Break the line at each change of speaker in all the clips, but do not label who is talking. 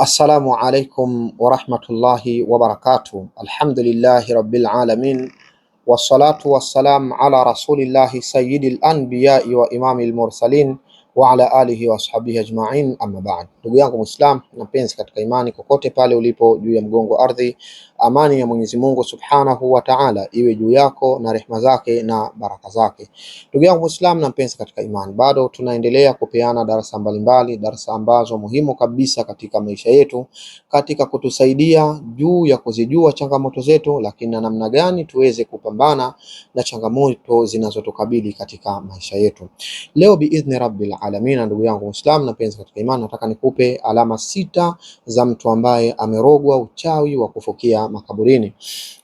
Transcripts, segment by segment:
Assalamu alaikum warahmatullahi wabarakatuh. Alhamdulillahi rabbil alamin wassalatu wassalam ala rasulillahi sayyidil anbiyai wa imamil mursalin wa ala alihi wa ashabihi ajmain, amma baad. Ndugu yangu Muislam na mpenzi katika imani, kokote pale ulipo juu ya mgongo ardhi Amani ya Mwenyezi Mungu Subhanahu wa Ta'ala iwe juu yako na rehema zake na baraka zake. Ndugu yangu Muislamu na mpenzi katika imani, bado tunaendelea kupeana darasa mbalimbali, darasa ambazo muhimu kabisa katika maisha yetu, katika kutusaidia juu ya kuzijua changamoto zetu, lakini na namna gani tuweze kupambana na changamoto zinazotukabili katika maisha yetu. Leo biidhni rabbil alamin, ndugu yangu Muislamu na mpenzi katika imani, nataka nikupe alama sita za mtu ambaye amerogwa uchawi wa kufukia makaburini.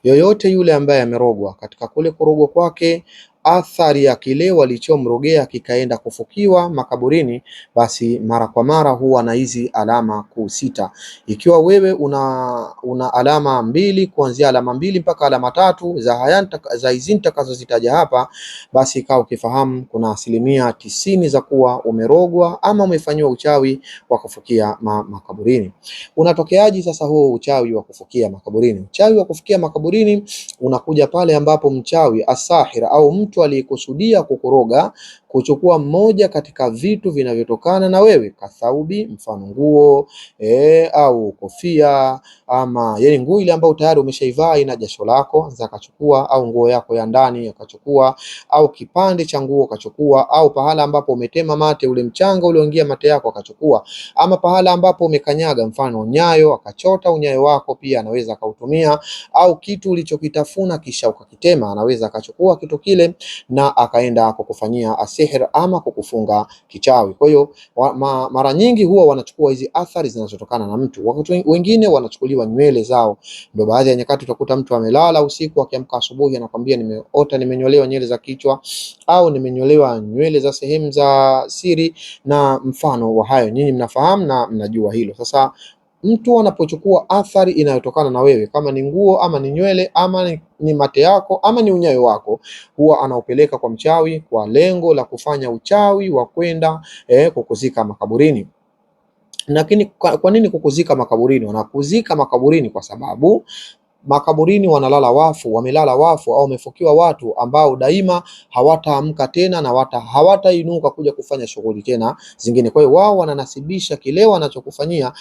Yoyote yule ambaye amerogwa katika kule kurogwa kwake athari ya kile walichomrogea kikaenda kufukiwa makaburini, basi mara kwa mara huwa na hizi alama kuu sita. Ikiwa wewe una, una alama mbili kuanzia alama mbili mpaka alama tatu za haya za hizi nitakazozitaja hapa, basi kaa ukifahamu kuna asilimia tisini za kuwa umerogwa ama umefanyiwa uchawi wa kufukia ma, makaburini. Unatokeaji sasa huo uchawi wa kufukia makaburini? Uchawi wa kufukia makaburini unakuja pale ambapo mchawi asahira au mtu mtu aliyekusudia kukoroga kuchukua mmoja katika vitu vinavyotokana na wewe, kathaubi mfano nguo e, au kofia ama yani nguo ile ambayo tayari umeshaivaa ina jasho lako, anza akachukua, au nguo yako ya ndani akachukua, au kipande cha nguo akachukua, au pahala ambapo umetema mate ule mchanga ulioingia mate yako akachukua, ama pahala ambapo umekanyaga mfano nyayo akachota unyayo wako pia anaweza akautumia, au kitu ulichokitafuna kisha ukakitema, anaweza akachukua kitu kile na akaenda kukufanyia asihir ama kukufunga kichawi. Kwa hiyo ma, mara nyingi huwa wanachukua hizi athari zinazotokana na mtu. Wakati wengine wanachukuliwa nywele zao, ndio baadhi ya nyakati utakuta mtu amelala usiku, akiamka asubuhi anakwambia nimeota nimenyolewa nywele za kichwa au nimenyolewa nywele za sehemu za siri na mfano wa hayo. Nyinyi mnafahamu na mnajua hilo sasa mtu anapochukua athari inayotokana na wewe, kama ni nguo ama ni nywele ama ni mate yako ama ni unyayo wako, huwa anaupeleka kwa mchawi kwa lengo la kufanya uchawi wa kwenda eh, kukuzika makaburini. Lakini kwa, kwa nini kukuzika makaburini? Wanakuzika makaburini kwa sababu makaburini wanalala wafu, wamelala wafu au wamefukiwa watu ambao daima hawataamka tena na wata hawatainuka kuja kufanya shughuli tena zingine. Kwa hiyo wao wananasibisha kile wanachokufanyia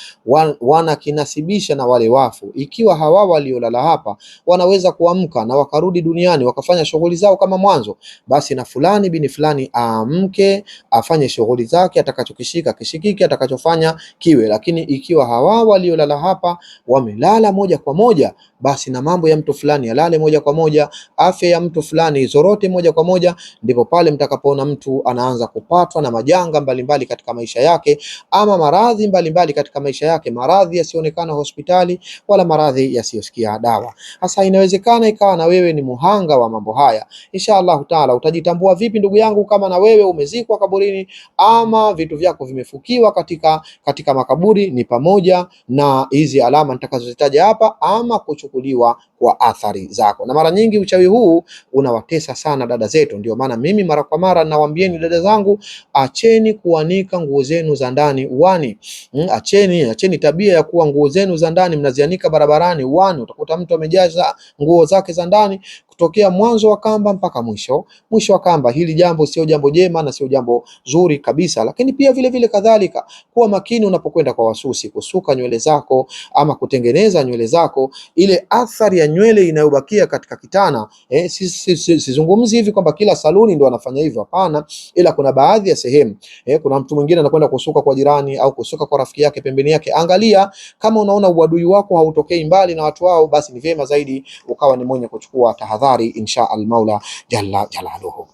wanakinasibisha na wale wafu. Ikiwa hawa waliolala hapa wanaweza kuamka na wakarudi duniani wakafanya shughuli zao kama mwanzo, basi na fulani bini fulani aamke afanye shughuli zake, atakachokishika kishikiki, atakachofanya kiwe. Lakini ikiwa hawa waliolala hapa wamelala moja kwa moja basi basi na mambo ya mtu fulani yalale moja kwa moja, afya ya mtu fulani izorote moja kwa moja, ndipo pale mtakapoona mtu anaanza kupatwa na majanga mbalimbali katika maisha yake, ama maradhi mbalimbali katika maisha yake, maradhi yasiyoonekana hospitali wala maradhi yasiyosikia dawa. Sasa inawezekana ikawa na wewe ni muhanga wa mambo haya. Insha taala, utajitambua vipi ndugu yangu, kama na wewe umezikwa kaburini ama vitu vyako vimefukiwa katika katika makaburi? Ni pamoja na hizi alama nitakazozitaja hapa ama kuchukulia kuchukuliwa kwa athari zako. Na mara nyingi uchawi huu unawatesa sana dada zetu, ndio maana mimi mara kwa mara nawaambieni dada zangu, acheni kuanika nguo zenu za ndani uani. Mm, acheni, acheni tabia ya kuwa nguo zenu za ndani mnazianika barabarani, uani. Utakuta mtu amejaza nguo zake za ndani kutokea mwanzo wa kamba mpaka mwisho mwisho wa kamba. Hili jambo sio jambo jema na sio jambo zuri kabisa. Lakini pia vile vile kadhalika, kuwa makini unapokwenda kwa wasusi kusuka nywele zako ama kutengeneza nywele zako, ile athari ya nywele inayobakia katika kitana. Eh, si, si, si, si, sizungumzi hivi kwamba kila saluni ndio anafanya hivyo, hapana, ila kuna baadhi ya sehemu eh, kuna mtu mwingine anakwenda kusuka kwa jirani au kusuka kwa rafiki yake pembeni yake. Angalia kama unaona uadui wako hautokei mbali na watu wao, basi ni vyema zaidi ukawa ni mwenye kuchukua tahadhari athari insha almaula jalla jalaluhu.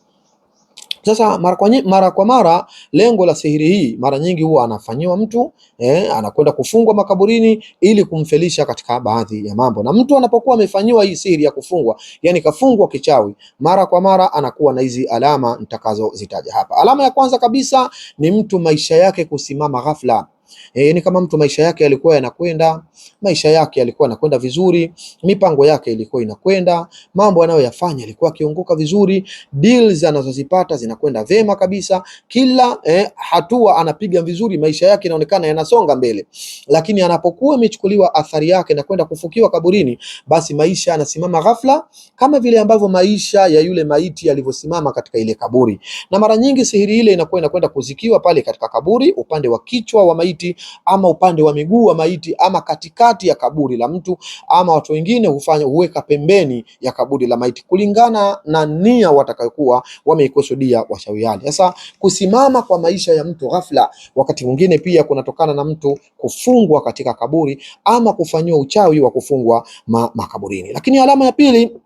Sasa mara kwa, mara kwa mara lengo la sihiri hii mara nyingi huwa anafanyiwa mtu eh, anakwenda kufungwa makaburini ili kumfelisha katika baadhi ya mambo. Na mtu anapokuwa amefanyiwa hii sihiri ya kufungwa, yani kafungwa kichawi, mara kwa mara anakuwa na hizi alama nitakazozitaja hapa. Alama ya kwanza kabisa ni mtu maisha yake kusimama ghafla. E, ni kama mtu maisha yake yalikuwa yanakwenda, maisha yake yalikuwa yanakwenda vizuri, mipango yake ilikuwa inakwenda, mambo anayoyafanya yalikuwa akiunguka vizuri, deals anazozipata zinakwenda vema kabisa, kila eh, hatua anapiga vizuri, maisha yake inaonekana yanasonga mbele, lakini anapokuwa imechukuliwa athari yake na kwenda kufukiwa kaburini, basi maisha anasimama ghafla, kama vile ambavyo maisha ya yule maiti yalivyosimama katika ile kaburi. Na mara nyingi sihiri ile inakuwa inakwenda kuzikiwa pale katika kaburi, upande wa kichwa wa maiti maiti ama upande wa miguu wa maiti ama katikati ya kaburi la mtu, ama watu wengine hufanya huweka pembeni ya kaburi la maiti kulingana na nia watakayokuwa wameikusudia washawi Sasa kusimama kwa maisha ya mtu ghafla, wakati mwingine pia kunatokana na mtu kufungwa katika kaburi ama kufanyiwa uchawi wa kufungwa makaburini. Lakini alama ya pili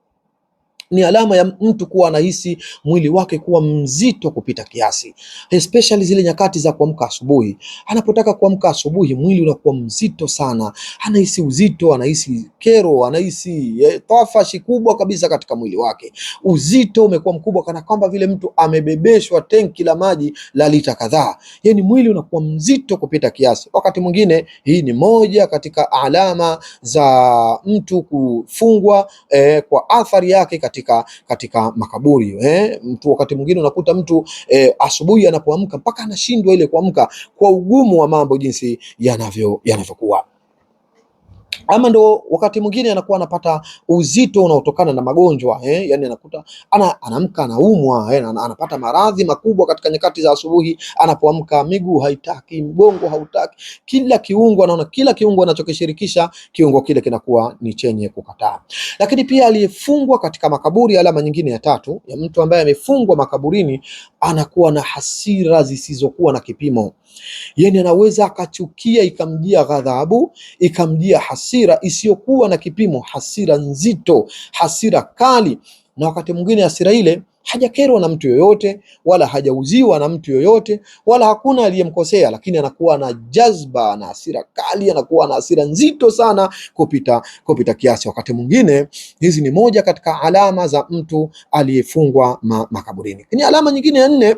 ni alama ya mtu kuwa anahisi mwili wake kuwa mzito kupita kiasi, especially zile nyakati za kuamka asubuhi. Anapotaka kuamka asubuhi, mwili unakuwa mzito sana, anahisi uzito, anahisi kero, anahisi eh, tafashi kubwa kabisa katika mwili wake. Uzito umekuwa mkubwa, kana kwamba vile mtu amebebeshwa tenki la maji la lita kadhaa, Yani mwili unakuwa mzito kupita kiasi. Wakati mwingine hii ni moja katika alama za mtu kufungwa eh, kwa athari yake katika katika katika makaburi eh? Mtu wakati mwingine unakuta mtu eh, asubuhi anapoamka mpaka anashindwa ile kuamka kwa ugumu wa mambo jinsi yanavyo yanavyokuwa ama ndo wakati mwingine anakuwa anapata uzito unaotokana na magonjwa eh? Yani anakuta ana, anamka anaumwa eh? Anapata maradhi makubwa katika nyakati za asubuhi anapoamka, miguu haitaki, mgongo hautaki, kila kiungo anaona, kila kiungo anachokishirikisha kiungo kile kinakuwa ni chenye kukataa. Lakini pia aliyefungwa katika makaburi, alama nyingine ya tatu ya mtu ambaye amefungwa makaburini, anakuwa na hasira zisizokuwa na kipimo, yani anaweza akachukia, ikamjia ghadhabu, ikamjia hasira hasira isiyokuwa na kipimo, hasira nzito, hasira kali, na wakati mwingine hasira ile hajakerwa na mtu yoyote wala hajauziwa na mtu yoyote wala hakuna aliyemkosea, lakini anakuwa na jazba na hasira kali, anakuwa na hasira nzito sana kupita kupita kiasi. Wakati mwingine hizi ni moja katika alama za mtu aliyefungwa ma makaburini. Ni alama nyingine ya nne,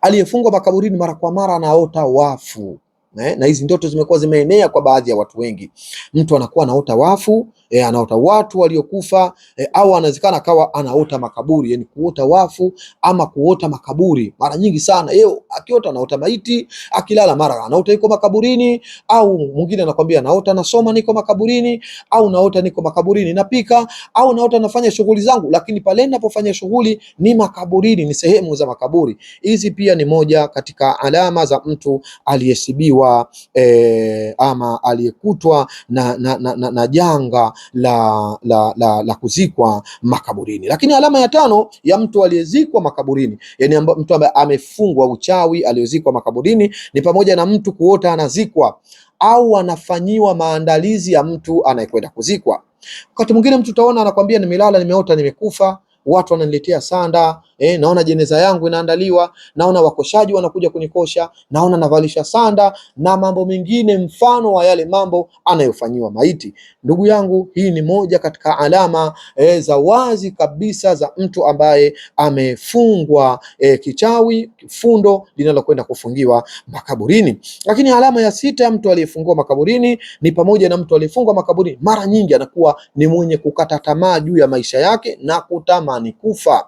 aliyefungwa makaburini mara kwa mara anaota wafu eh, na hizi ndoto zimekuwa zimeenea kwa baadhi ya watu wengi. Mtu anakuwa anaota wafu e, anaota watu waliokufa e, au anawezekana akawa anaota makaburi, yani kuota wafu ama kuota makaburi. Mara nyingi sana yeye akiota anaota maiti, akilala mara anaota yuko makaburini, au mwingine anakwambia naota nasoma niko makaburini, au naota niko makaburini napika, au naota nafanya shughuli zangu, lakini pale ninapofanya shughuli ni makaburini, ni sehemu za makaburi. Hizi pia ni moja katika alama za mtu aliyesibiwa e, ama aliyekutwa na, na, na, na, na janga la, la, la, la kuzikwa makaburini. Lakini alama ya tano ya mtu aliyezikwa makaburini, yani mtu ambaye amefungwa uchawi aliyozikwa makaburini, ni pamoja na mtu kuota anazikwa au anafanyiwa maandalizi ya mtu anayekwenda kuzikwa. Wakati mwingine mtu utaona anakwambia, nimelala nimeota nimekufa, watu wananiletea sanda eh, naona jeneza yangu inaandaliwa, naona wakoshaji wanakuja kunikosha, naona navalisha sanda na mambo mengine mfano wa yale mambo anayofanyiwa maiti. Ndugu yangu, hii ni moja katika alama eh, za wazi kabisa za mtu ambaye amefungwa eh, kichawi, fundo linalokwenda kufungiwa makaburini. Lakini alama ya sita ya mtu aliyefungwa makaburini ni pamoja na mtu aliyefungwa makaburini, mara nyingi anakuwa ni mwenye kukata tamaa juu ya maisha yake na kutamani kufa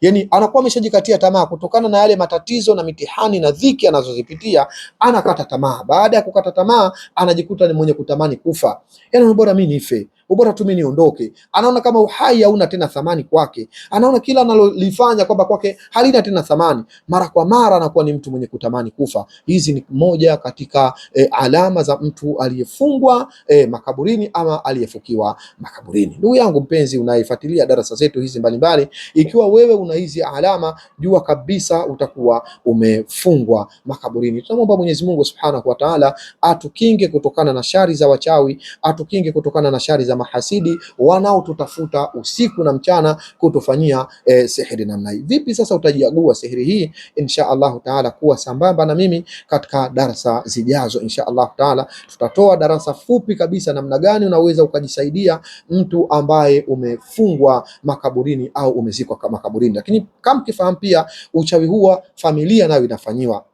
yani anakuwa ameshajikatia tamaa kutokana na yale matatizo na mitihani na dhiki anazozipitia, anakata tamaa. Baada ya kukata tamaa, anajikuta ni mwenye kutamani kufa, yani bora mimi nife bora tu mimi niondoke. Anaona kama uhai hauna tena thamani kwake, anaona kila analolifanya kwamba kwake halina tena thamani. Mara kwa mara anakuwa ni mtu mwenye kutamani kufa. Hizi ni moja katika e, alama za mtu aliyefungwa e, makaburini ama aliyefukiwa makaburini. Ndugu yangu mpenzi, unaifuatilia darasa zetu hizi mbalimbali, ikiwa wewe una hizi alama, jua kabisa utakuwa umefungwa makaburini. Tunamwomba Mwenyezi Mungu Subhanahu wa Ta'ala atukinge kutokana na shari za wachawi, atukinge kutokana na shari za mahasidi wanaotutafuta usiku na mchana kutufanyia eh, sihiri namna hii. Vipi sasa utajiagua sihiri hii? Insha Allahu taala kuwa sambamba na mimi katika darasa zijazo. Insha Allahu taala tutatoa darasa fupi kabisa, namna gani unaweza ukajisaidia mtu ambaye umefungwa makaburini au umezikwa makaburini. Lakini kama kifahamu pia uchawi huwa familia nayo inafanyiwa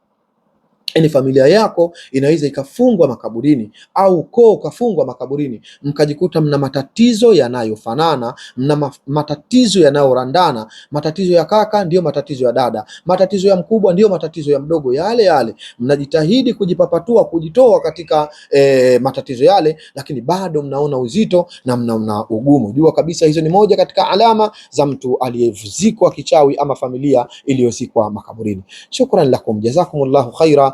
yaani familia yako inaweza ikafungwa makaburini au ukoo ukafungwa makaburini, mkajikuta mna matatizo yanayofanana, mna ma matatizo yanayorandana. Matatizo ya kaka ndiyo matatizo ya dada, matatizo ya mkubwa ndiyo matatizo ya mdogo, yale yale. Mnajitahidi kujipapatua, kujitoa katika e, matatizo yale, lakini bado mnaona uzito na mnaona ugumu. Jua kabisa hizo ni moja katika alama za mtu aliyezikwa kichawi ama familia iliyozikwa makaburini. Shukran lakum jazakumullahu khaira.